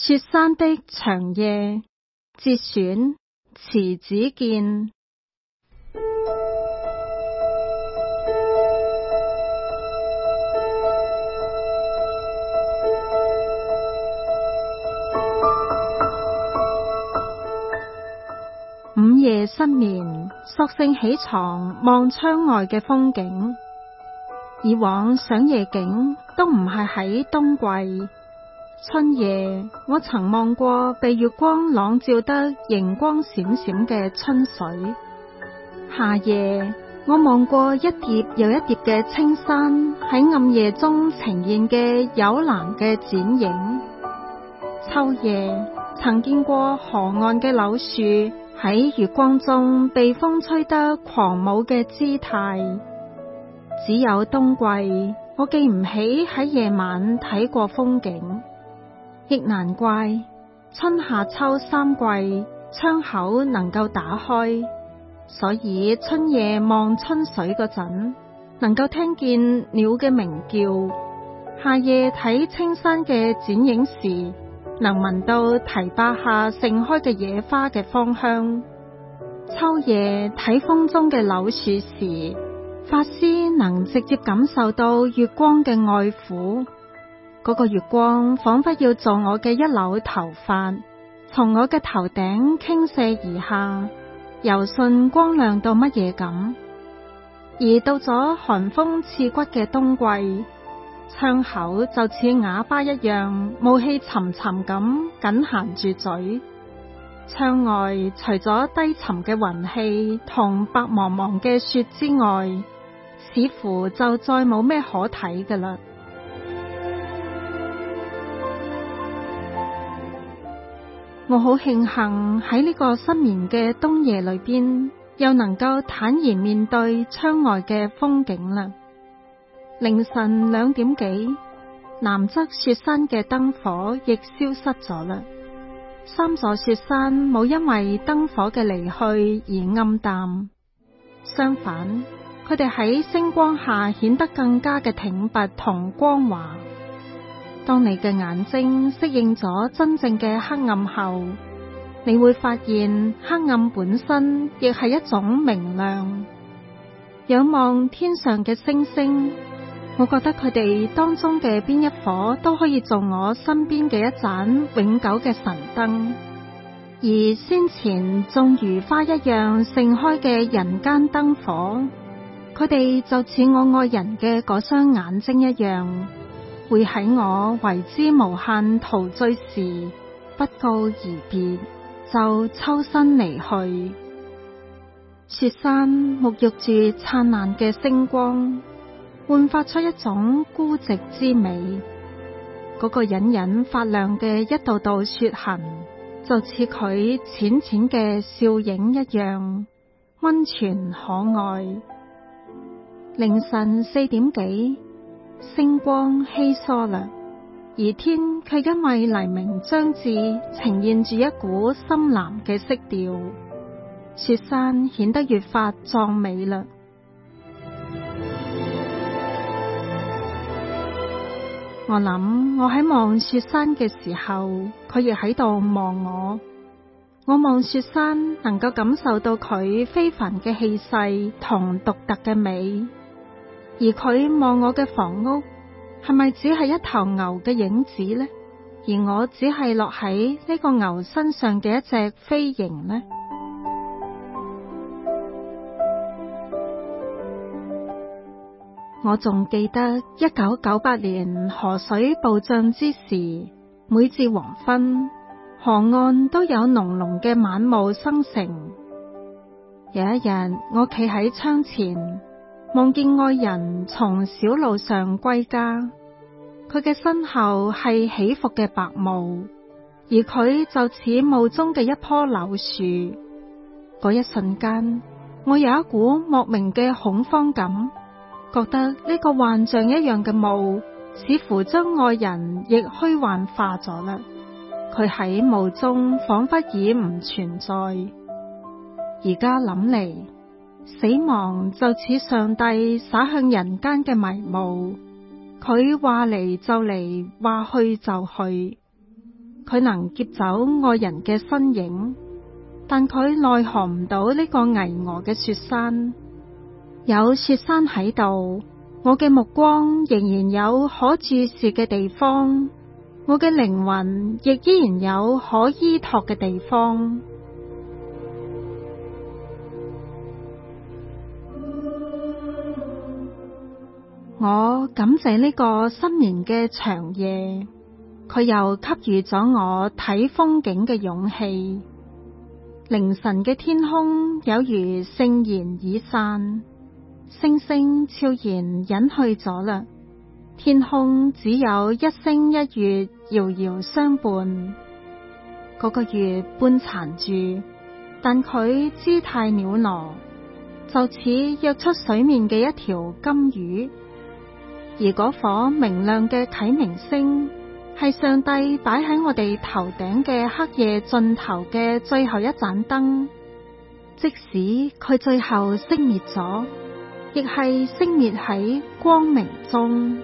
雪山的長夜，節選，遲子建。午夜失眠，索性起床望窗外嘅風景。以往賞夜景都唔係喺冬季。春夜，我曾望過被月光朗照得熒光閃閃嘅春水；夏夜，我望過一疊又一疊嘅青山喺暗夜中呈現嘅幽藍嘅剪影；秋夜，曾見過河岸嘅柳樹喺月光中被風吹得狂舞嘅姿態。只有冬季，我記唔起喺夜晚睇過風景。亦難怪春、夏、秋三季窗口能夠打開，所以春夜望春水嗰陣能夠聽見鳥嘅鳴叫；夏夜睇青山嘅剪影時，能聞到堤壩下盛開嘅野花嘅芳香；秋夜睇風中嘅柳樹時，髮絲能直接感受到月光嘅愛撫。嗰個月光仿佛要做我嘅一縷頭髮，從我嘅頭頂傾瀉而下，柔順光亮到乜嘢咁。而到咗寒風刺骨嘅冬季，窗口就似啞巴一樣，霧氣沉沉咁緊銜住嘴。窗外除咗低沉嘅雲氣同白茫茫嘅雪之外，似乎就再冇咩可睇㗎喇。我好慶幸喺呢個失眠嘅冬夜裏邊，又能夠坦然面對窗外嘅風景啦。凌晨兩點幾，南側雪山嘅燈火亦消失咗啦。三座雪山冇因為燈火嘅離去而暗淡，相反，佢哋喺星光下顯得更加嘅挺拔同光華。當你嘅眼睛適應咗真正嘅黑暗後，你會發現黑暗本身亦係一種明亮。仰望天上嘅星星，我覺得佢哋當中嘅邊一顆都可以做我身邊嘅一盞永久嘅神燈。而先前，仲如花一樣盛開嘅人間燈火，佢哋就似我愛人嘅嗰雙眼睛一樣，會喺我為之無限陶醉時，不告而別，就抽身離去。雪山沐浴住燦爛嘅星光，煥發出一種孤寂之美。嗰、那個隱隱發亮嘅一道道雪痕，就似佢淺淺嘅笑影一樣，溫存可愛。凌晨四點幾。星光稀疏啦，而天卻因為黎明將至，呈現住一股深藍嘅色調，雪山顯得越發壯美啦。 我諗，我喺望雪山嘅時候，佢亦喺度望我。我望雪山，能夠感受到佢非凡嘅氣勢同獨特嘅美。而佢望我嘅房屋，係咪只係一頭牛嘅影子呢？而我只係落喺呢個牛身上嘅一隻飛蠅呢。我仲記得一九九八年河水暴漲之時，每至黃昏，河岸都有濃濃嘅晚霧生成。有一日，我企喺窗前。望見愛人從小路上歸家，佢嘅身後係起伏嘅白霧，而佢就似霧中嘅一棵柳樹。嗰一瞬間，我有一股莫名嘅恐慌感，覺得呢個幻象一樣嘅霧，似乎將愛人亦虛幻化咗啦。佢喺霧中，仿佛已唔存在。而家諗嚟。死亡就似上帝灑向人間嘅迷霧，佢話嚟就嚟，話去就去。佢能劫走愛人嘅身影，但佢奈何唔到呢個巍峨嘅雪山。有雪山喺度，我嘅目光仍然有可注視嘅地方，我嘅靈魂亦依然有可依託嘅地方。我感謝呢個失眠嘅長夜，佢又給予咗我睇風景嘅勇氣。凌晨嘅天空有如盛宴已散，星星悄然隱去咗啦。天空只有一星一月遙遙相伴，嗰個月半殘住，但佢姿態裊娜，就似躍出水面嘅一條金魚。而嗰顆明亮嘅啟明星，係上帝擺喺我哋頭頂嘅黑夜盡頭嘅最後一盞燈。即使佢最後熄滅咗，亦係熄滅喺光明中。